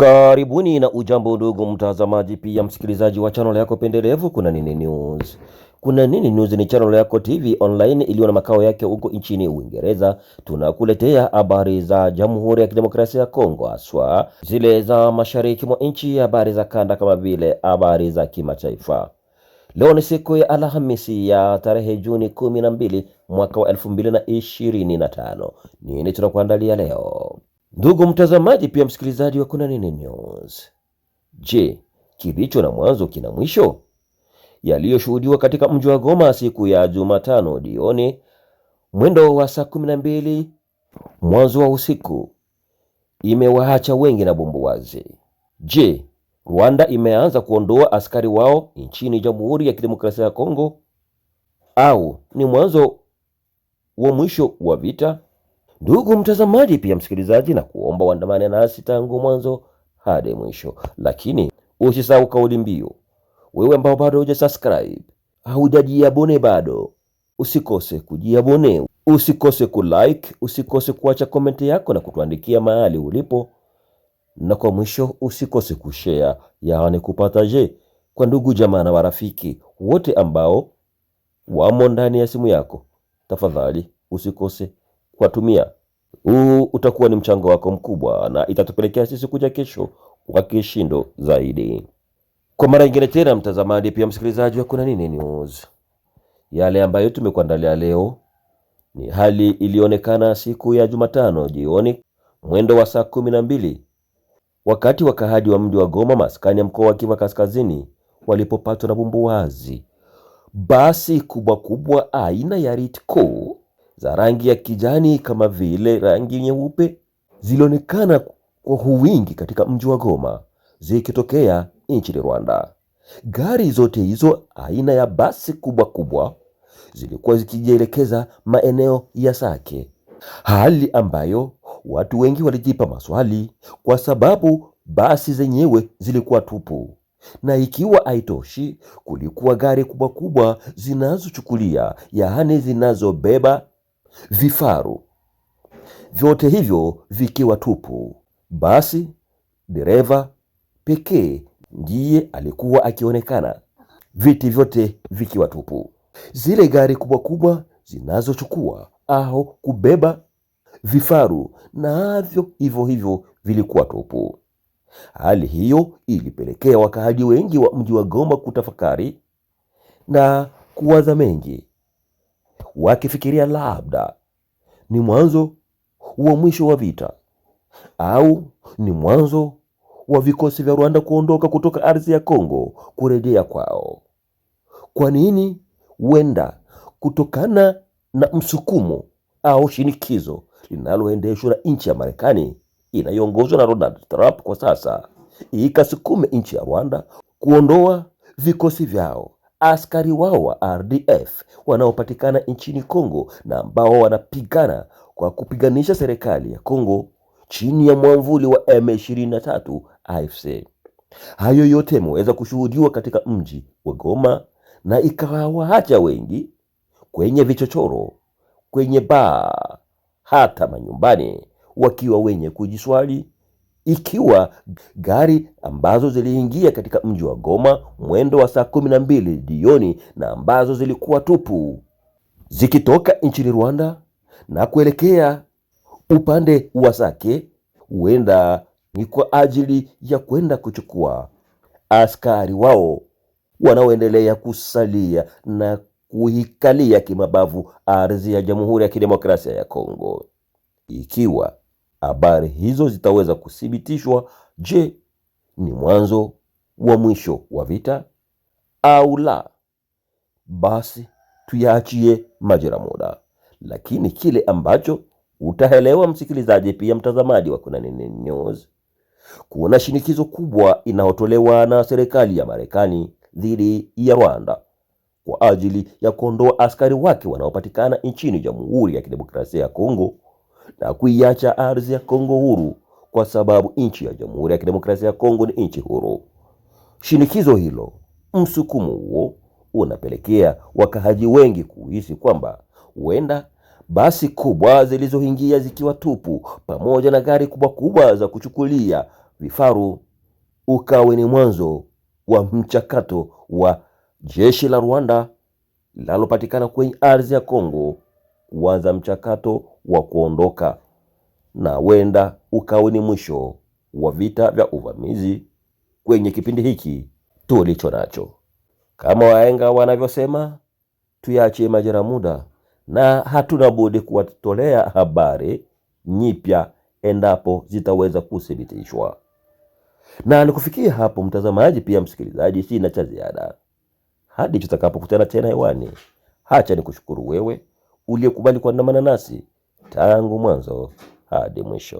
Karibuni na ujambo ndugu mtazamaji, pia msikilizaji wa channel yako pendelevu Kuna Nini News. Kuna Nini News ni channel yako TV online iliyo na makao yake huko nchini Uingereza. Tunakuletea habari za Jamhuri ya Kidemokrasia ya Kongo, haswa zile za mashariki mwa nchi, habari za kanda kama vile habari za kimataifa. Leo ni siku ya Alhamisi ya tarehe Juni kumi na mbili mwaka wa elfu mbili na ishirini na tano. Nini tunakuandalia leo? Ndugu mtazamaji, pia msikilizaji wa Kuna Nini News, je, kilicho na mwanzo kina mwisho? Yaliyoshuhudiwa katika mji wa Goma siku ya Jumatano jioni mwendo wa saa kumi na mbili mwanzo wa usiku imewaacha wengi na bumbuwazi. Je, Rwanda imeanza kuondoa askari wao nchini Jamhuri ya Kidemokrasia ya Kongo au ni mwanzo wa mwisho wa vita? Ndugu mtazamaji, pia msikilizaji, na kuomba uandamane nasi tangu mwanzo hadi mwisho, lakini usisahau kauli mbiu. Wewe ambao bado hujasubscribe, haujajiabone bado, usikose kujiabone, usikose kulike, usikose kuacha komenti yako na kutuandikia mahali ulipo, na kwa mwisho usikose kushare, yaani kupataje kwa ndugu jamaa na marafiki wote ambao wamo ndani ya simu yako. Tafadhali usikose kuwatumia. Huu utakuwa ni mchango wako mkubwa na itatupelekea sisi kuja kesho kwa kishindo zaidi. Kwa mara nyingine tena, mtazamaji pia msikilizaji wa Kuna Nini News, yale ambayo tumekuandalia leo ni hali iliyoonekana siku ya Jumatano jioni mwendo wa saa kumi na mbili wakati wakaaji wa mji wa Goma maskani ya mkoa wa Kivu Kaskazini walipopatwa na bumbuwazi basi kubwa kubwa aina ya Ritco za rangi ya kijani kama vile rangi nyeupe zilionekana kwa uwingi katika mji wa Goma zikitokea nchini Rwanda. Gari zote hizo aina ya basi kubwa kubwa zilikuwa zikijielekeza maeneo ya Sake, hali ambayo watu wengi walijipa maswali kwa sababu basi zenyewe zilikuwa tupu, na ikiwa haitoshi, kulikuwa gari kubwa kubwa zinazochukulia, yaani zinazobeba vifaru, vyote hivyo vikiwa tupu. Basi dereva pekee ndiye alikuwa akionekana, viti vyote vikiwa tupu. Zile gari kubwa kubwa zinazochukua au kubeba vifaru navyo hivyo hivyo vilikuwa tupu. Hali hiyo ilipelekea wakaaji wengi wa mji wa Goma kutafakari na kuwaza mengi wakifikiria labda ni mwanzo wa mwisho wa vita au ni mwanzo wa vikosi vya Rwanda kuondoka kutoka ardhi ya Kongo kurejea kwao. Kwa nini? Huenda kutokana na msukumo au shinikizo linaloendeshwa na nchi ya Marekani inayoongozwa na Donald Trump kwa sasa, ikasukume nchi ya Rwanda kuondoa vikosi vyao askari wao wa RDF wanaopatikana nchini Kongo na ambao wanapigana kwa kupiganisha serikali ya Kongo chini ya mwamvuli wa M23 AFC. Hayo yote yameweza kushuhudiwa katika mji wa Goma na ikawawaacha wengi kwenye vichochoro, kwenye baa, hata manyumbani wakiwa wenye kujiswali ikiwa gari ambazo ziliingia katika mji wa Goma mwendo wa saa kumi na mbili jioni na ambazo zilikuwa tupu zikitoka nchini Rwanda na kuelekea upande wa Sake, huenda ni kwa ajili ya kwenda kuchukua askari wao wanaoendelea kusalia na kuhikalia kimabavu ardhi ya Jamhuri ya Kidemokrasia ya Kongo ikiwa habari hizo zitaweza kuthibitishwa. Je, ni mwanzo wa mwisho wa vita au la? Basi tuyaachie majira muda, lakini kile ambacho utaelewa msikilizaji, pia mtazamaji wa Kuna Nini News, kuna shinikizo kubwa inayotolewa na serikali ya Marekani dhidi ya Rwanda kwa ajili ya kuondoa askari wake wanaopatikana nchini Jamhuri ya Kidemokrasia ya Kongo na kuiacha ardhi ya Kongo huru, kwa sababu nchi ya Jamhuri ya Kidemokrasia ya Kongo ni nchi huru. Shinikizo hilo, msukumo huo unapelekea wakahaji wengi kuhisi kwamba huenda basi kubwa zilizoingia zikiwa tupu pamoja na gari kubwa kubwa za kuchukulia vifaru ukawe ni mwanzo wa mchakato wa jeshi la Rwanda linalopatikana kwenye ardhi ya Kongo kuanza mchakato wa kuondoka na wenda ukawe ni mwisho wa vita vya uvamizi kwenye kipindi hiki tulicho nacho. Kama waenga wanavyosema, tuyaachie majira muda, na hatuna budi kuwatolea habari nyipya endapo zitaweza kuthibitishwa. Na ni kufikia hapo, mtazamaji pia msikilizaji, sina cha ziada hadi tutakapokutana tena hewani. Hacha ni kushukuru wewe uliyekubali kuandamana nasi tangu mwanzo hadi mwisho.